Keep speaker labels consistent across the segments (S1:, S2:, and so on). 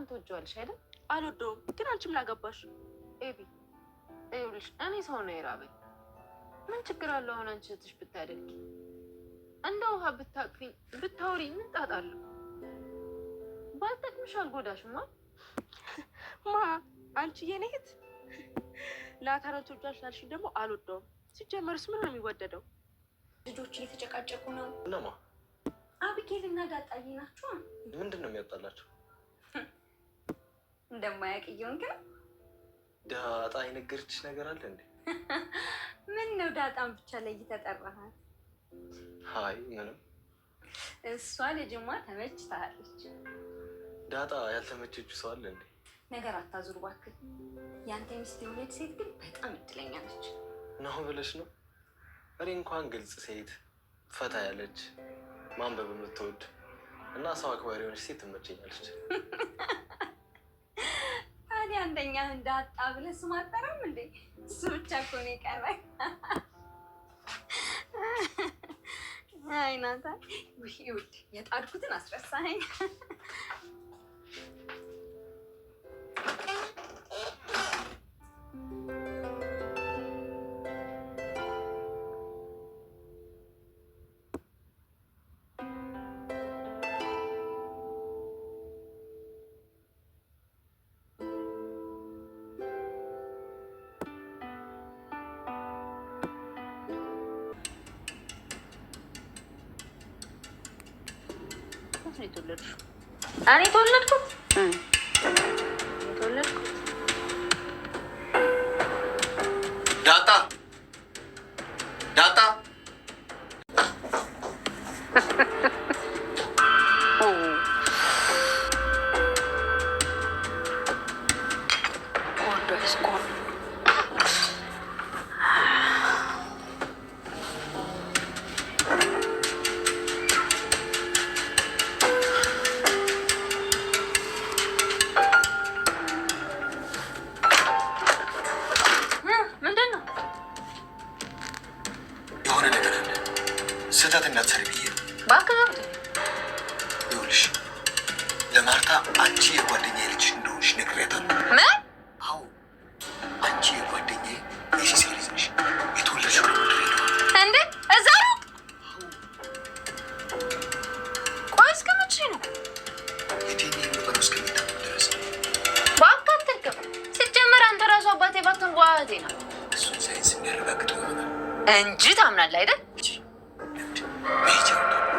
S1: በጣም ትወጂዋለሽ አይደል?
S2: አልወደውም፣ ግን አንቺ ምን አገባሽ?
S1: ኤቢ ይኸውልሽ፣ እኔ ሰው ነው የራበኝ። ምን ችግር አለው አሁን አንቺ እህትሽ ብታደርጊ? እንደ ውሃ ብታቅፊኝ ብታወሪ ምን ጣጣ አለው? ባልጠቅምሽ አልጎዳሽማ።
S2: ማ አንቺ የኔ እህት ናታንን ትወጂዋለሽ አልሽኝ፣ ደግሞ አልወደውም። ሲጀመርስ ምን ነው የሚወደደው?
S1: ልጆች እየተጨቃጨቁ ነው። እነማ አብጌልና ዳጣዬ ናቸው።
S3: ምንድን ነው የሚያጣላቸው?
S1: እንደማያውቅ እየሆንክ ነው።
S3: ዳጣ የነገረችሽ ነገር አለ እንዴ?
S1: ምን ነው ዳጣም ብቻ ላይ እየተጠራሃል? አይ ምንም። እሷ ልጅማ ተመችታለች።
S3: ዳጣ ያልተመቸችው ሰው አለ እንዴ?
S1: ነገር አታዙር እባክህ። ያንተ ሚስት የሆነች ሴት ግን በጣም እድለኛ ነች።
S3: ነው ብለሽ ነው? እኔ እንኳን ግልጽ ሴት፣ ፈታ ያለች፣ ማንበብ የምትወድ እና ሰው አክባሪ የሆነች ሴት ትመቸኛለች።
S1: አንደኛ እንዳጣ ብለህ ስም አጠራም እንዴ? እሱ ብቻ እኮ ነው የቀረኝ። አይ ናታ፣ ይኸውልህ የጣድኩትን አስረሳኸኝ። ነው የተወለድሽው? እኔ የተወለድኩት የተወለድኩት
S3: ዳጣ ዳጣ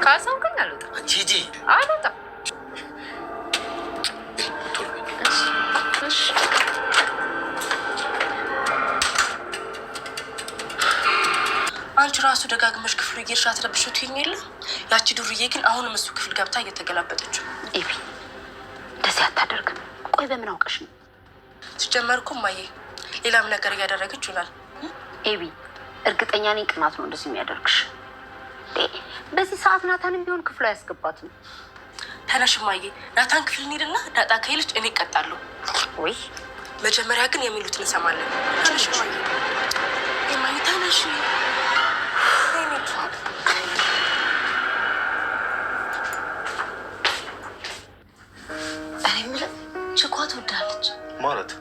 S1: ካሰብከኝ አልወጣም። ጂጂ አልወጣም።
S2: አንቺ ራሱ ደጋግመሽ ክፍሉ እየሄድሽ አትረብሺው ትይኝ የለ። ያቺ ዱርዬ ግን አሁንም እሱ ክፍል ገብታ እየተገላበጠችው።
S1: ኤቢ እንደዚህ አታደርግም። ቆይ በምን አውቀሽ ነው?
S2: ሲጀመር እኮ እማዬ ሌላም ነገር እያደረገች ይሆናል።
S1: ኤቢ እርግጠኛ ነኝ ቅናት ነው እንደዚህ የሚያደርግሽ። በዚህ ሰዓት ናታንም ቢሆን ክፍሉ አያስገባትም።
S2: ተነሽማዬ ናታን ክፍል እንሂድና ዳጣ ከሄደች እኔ እቀጣለሁ። ወይ መጀመሪያ ግን የሚሉት እንሰማለን። ተነሽ እማዬ፣
S1: ችኳ ትወዳለች ማለት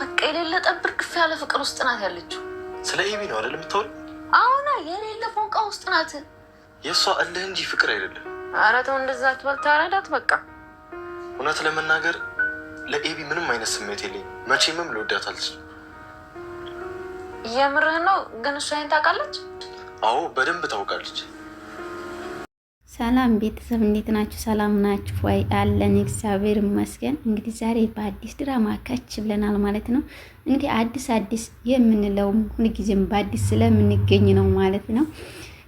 S1: በቃ የሌለ ጠብር ክፍ ያለ ፍቅር ውስጥ ናት ያለችው።
S3: ስለ ኤቢ ነው አይደል የምታወሪው?
S1: አሁን የሌለ ፎንቃ ውስጥ ናት።
S3: የእሷ እልህ እንጂ ፍቅር አይደለም።
S1: ኧረ ተው እንደዛ አትበል፣ ተረዳት በቃ።
S3: እውነት ለመናገር ለኤቢ ምንም አይነት ስሜት የለኝም። መቼምም ልወዳት አልችልም።
S1: የምርህ ነው? ግን እሷ ይህን ታውቃለች።
S3: አዎ በደንብ ታውቃለች።
S4: ሰላም ቤተሰብ እንዴት ናችሁ? ሰላም ናችሁ ወይ? አለን እግዚአብሔር ይመስገን። እንግዲህ ዛሬ በአዲስ ድራማ ከች ብለናል ማለት ነው። እንግዲህ አዲስ አዲስ የምንለውም ሁልጊዜም በአዲስ ስለምንገኝ ነው ማለት ነው።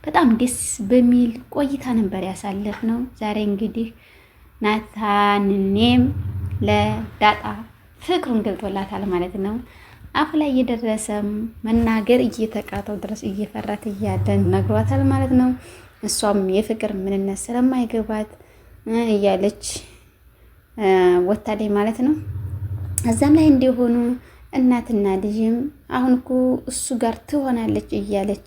S4: በጣም ደስ በሚል ቆይታ ነበር ያሳለፍ ነው። ዛሬ እንግዲህ ናታንኔም ለዳጣ ፍቅሩን ገልጦላታል ማለት ነው። አፍ ላይ እየደረሰም መናገር እየተቃተው ድረስ እየፈራት እያለን ነግሯታል ማለት ነው። እሷም የፍቅር ምንነት ስለማይገባት እያለች ወታደይ ማለት ነው። እዛም ላይ እንዲሆኑ እናትና ልጅም አሁን እኮ እሱ ጋር ትሆናለች እያለች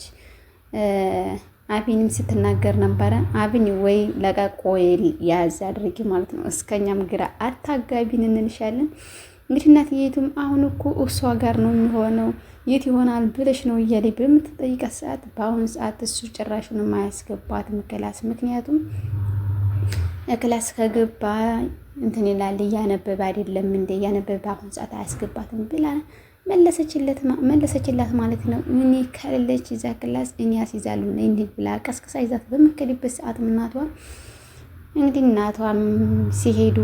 S4: አቢንም ስትናገር ነበረ። አቢን ወይ ለቀቆ ያዝ አድርጊ ማለት ነው። እስከኛም ግራ አታጋቢን እንልሻለን። እንግዲህ እናትየቱም አሁን እኮ እሷ ጋር ነው የሚሆነው የት ይሆናል ብለሽ ነው እያለ በምትጠይቀት ሰዓት በአሁኑ ሰዓት እሱ ጭራሹን አያስገባትም ክላስ። ምክንያቱም ክላስ ከገባ እንትን ይላል እያነበበ አይደለም እንደ እያነበበ በአሁኑ ሰዓት አያስገባትም ብላ መለሰችላት ማለት ነው። እኔ ከሌለች ይዛ ክላስ እኔ ያስይዛሉ እንዲህ ብላ ቀስቅሳ ይዛት በምከድበት ሰዓት እናቷ እንግዲህ እናቷም ሲሄዱ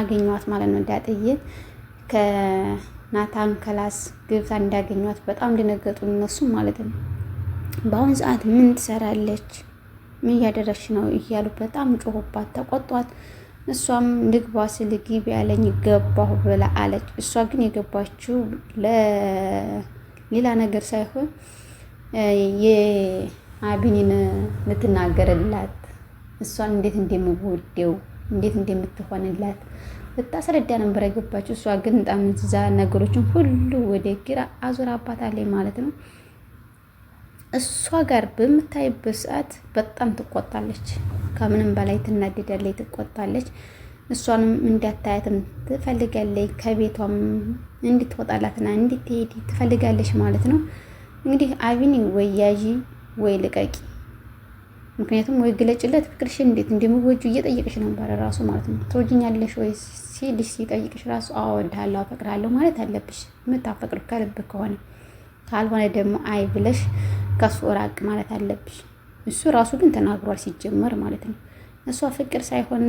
S4: አገኟት ማለት ነው እንዳጥዬ ናታን ከላስ ገብታ እንዳገኟት በጣም ደነገጡ፣ እነሱ ማለት ነው። በአሁን ሰዓት ምን ትሰራለች? ምን እያደረች ነው? እያሉ በጣም ጮሆባት፣ ተቆጧት። እሷም ልግባ ስል ግቢ ያለኝ ገባሁ ብላ አለች። እሷ ግን የገባችው ለሌላ ነገር ሳይሆን የአቢኒን ልትናገርላት እሷን እንዴት እንደምወደው እንዴት እንደምትሆንላት ልታስረዳ ነበር የገባችው። እሷ ግን በጣም ነገሮችን ሁሉ ወደ ግራ አዙራባታለች ማለት ነው። እሷ ጋር በምታይበት ሰዓት በጣም ትቆጣለች። ከምንም በላይ ትናደዳለች፣ ትቆጣለች። እሷንም እንዳታያትም ትፈልጋለች። ከቤቷም እንድትወጣላትና እንድትሄድ ትፈልጋለች ማለት ነው። እንግዲህ አቢኒ ወይ ያዢ ወይ ልቀቂ ምክንያቱም ወይ ግለጭለት ፍቅርሽን እንዴት እንደምወጁ እየጠየቅሽ ነበር ራሱ ማለት ነው። ትወጂኛለሽ ወይ ሲልሽ ሲጠይቅሽ ራሱ አወድሃለሁ፣ አፈቅርሃለሁ ማለት አለብሽ የምታፈቅር ከልብ ከሆነ። ካልሆነ ደግሞ አይ ብለሽ ከሱ ራቅ ማለት አለብሽ። እሱ ራሱ ግን ተናግሯል ሲጀመር ማለት ነው። እሷ ፍቅር ሳይሆን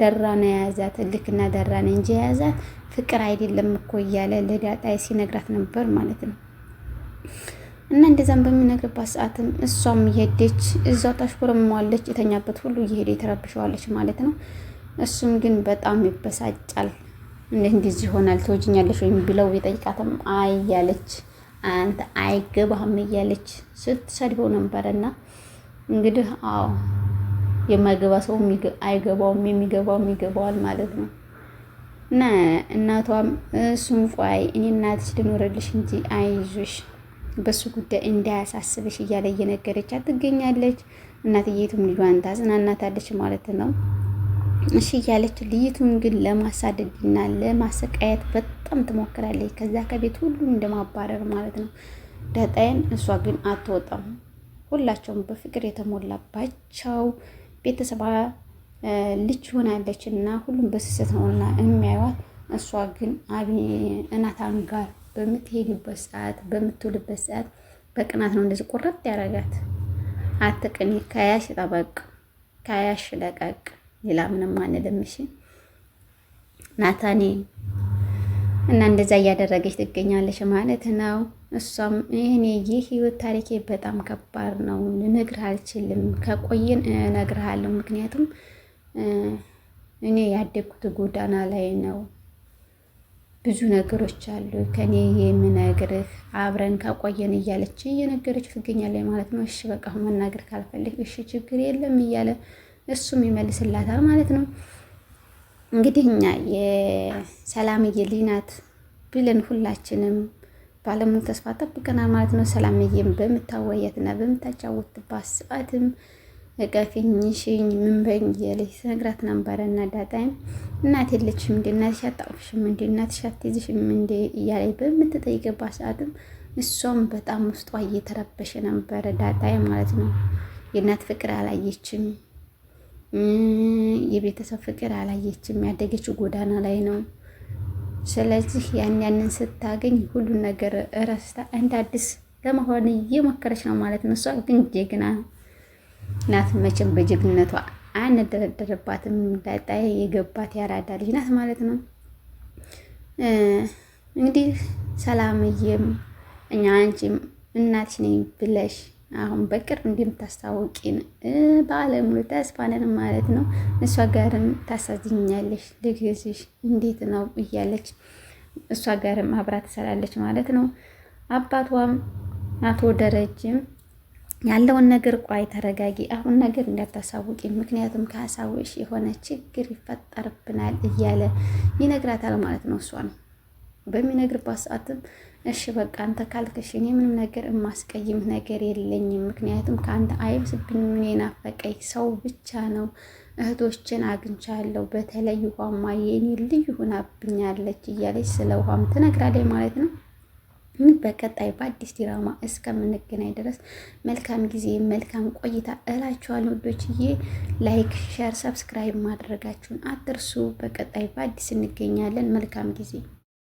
S4: ደራ ነው የያዛት እልክና ደራ ነው እንጂ የያዛት ፍቅር አይደለም እኮ እያለ ለዳጣይ ሲነግራት ነበር ማለት ነው። እና እንደዛም በሚነግርባት ሰዓትም እሷም እየሄደች እዛው ታሽኮረመዋለች። የተኛበት ሁሉ እየሄደ የተረብሸዋለች ማለት ነው። እሱም ግን በጣም ይበሳጫል። እንዴት እንደዚህ ይሆናል ትወጂኛለሽ ወይም ብለው የጠይቃትም አይ ያለች አንተ አይገባህም እያለች ስትሰድበው ነበረና እንግዲህ አዎ የማይገባ ሰው አይገባውም፣ የሚገባውም ይገባዋል ማለት ነው። እና እናቷም እሱም ቆይ እኔ እናትሽ ልኖረልሽ እንጂ አይዞሽ በሱ ጉዳይ እንዳያሳስብሽ እያለ እየነገረቻት ትገኛለች። እናትዬቱም ልጇን ታጽናናታለች ማለት ነው። እሺ እያለች ልይቱን ግን ለማሳደድና ለማሰቃየት በጣም ትሞክራለች። ከዛ ከቤት ሁሉ እንደማባረር ማለት ነው ዳጣዬን። እሷ ግን አትወጣም። ሁላቸውም በፍቅር የተሞላባቸው ቤተሰባ ልጅ ሆናለች እና ሁሉም በስስት ነውና የሚያዩት። እሷ ግን አቢ እናታን ጋር በምትሄድበት ሰዓት በምትውልበት ሰዓት በቅናት ነው እንደዚህ ቁርጥ ያደረጋት አትቅኒ፣ ከያሽ ጠበቅ፣ ከያሽ ለቀቅ። ሌላ ምንም አንልም። እሺ ናታኔ እና እንደዛ እያደረገች ትገኛለች ማለት ነው። እሷም ይህኔ ይህ ህይወት ታሪኬ በጣም ከባድ ነው፣ ልነግርህ አልችልም። ከቆየን እነግርሃለሁ። ምክንያቱም እኔ ያደግኩት ጎዳና ላይ ነው ብዙ ነገሮች አሉ ከኔ የምነግርህ አብረን ካቆየን እያለች እየነገረች ትገኛለች ማለት ነው። እሺ በቃ አሁን መናገር ካልፈልግ እሺ ችግር የለም እያለ እሱም ይመልስላታል ማለት ነው። እንግዲህ እኛ የሰላምዬ ልጅ ብለን ሁላችንም ባለሙሉ ተስፋ ጠብቀናል ማለት ነው። ሰላምዬም በምታወያትና በምታጫወትባት ሰዓትም እቀፊኝ ሽኝ ምን በኝ እያለች ስነግራት ነበረ እና ዳጣይም እናት የለችም እንዴ እናትሽ አታቅፍሽም እንዴ እናትሽ አትይዝሽም እንዴ እያለች በምትጠይቅባት ሰዓትም እሷም በጣም ውስጧ እየተረበሸ ነበረ። ዳጣይ ማለት ነው የእናት ፍቅር አላየችም፣ የቤተሰብ ፍቅር አላየችም። ያደገችው ጎዳና ላይ ነው። ስለዚህ ያን ያንን ስታገኝ ሁሉን ነገር እረስታ እንደ አዲስ ለመሆን እየሞከረች ነው ማለት ነው። እሷ ግን ጀግና ናት። መቼም በጀግንነቷ አንደረደረባትም። ዳጣዬ የገባት ያራዳ ልጅ ናት ማለት ነው። እንግዲህ ሰላምዬም እኛ አንቺም እናትሽ ነኝ ብለሽ አሁን በቅርብ እንደምታስታውቂን በአለም ሁሉ ተስፋ ነን ማለት ነው። እሷ ጋርም ታሳዝኛለሽ ልግዝሽ እንዴት ነው እያለች እሷ ጋርም አብራ ትሰራለች ማለት ነው። አባቷም አቶ ደረጅም። ያለውን ነገር ቋይ ተረጋጊ፣ አሁን ነገር እንዳታሳውቂ፣ ምክንያቱም ካሳውሽ የሆነ ችግር ይፈጠርብናል እያለ ይነግራታል ማለት ነው። እሷን በሚነግርባት ሰዓትም እሺ በቃ አንተ ካልክሽ እኔ ምንም ነገር የማስቀይም ነገር የለኝም፣ ምክንያቱም ከአንተ አይብስብኝም። እኔ ናፈቀኝ ሰው ብቻ ነው። እህቶችን አግኝቻለሁ፣ በተለይ ውሃማ የኔ ልዩ ሆናብኛለች እያለች ስለ ውሃም ትነግራለች ማለት ነው። በቀጣይ በአዲስ ዲራማ እስከምንገናኝ ድረስ መልካም ጊዜ መልካም ቆይታ እላችኋለሁ። ወዶችዬ ላይክ፣ ሸር፣ ሰብስክራይብ ማድረጋችሁን አትርሱ። በቀጣይ በአዲስ እንገኛለን። መልካም ጊዜ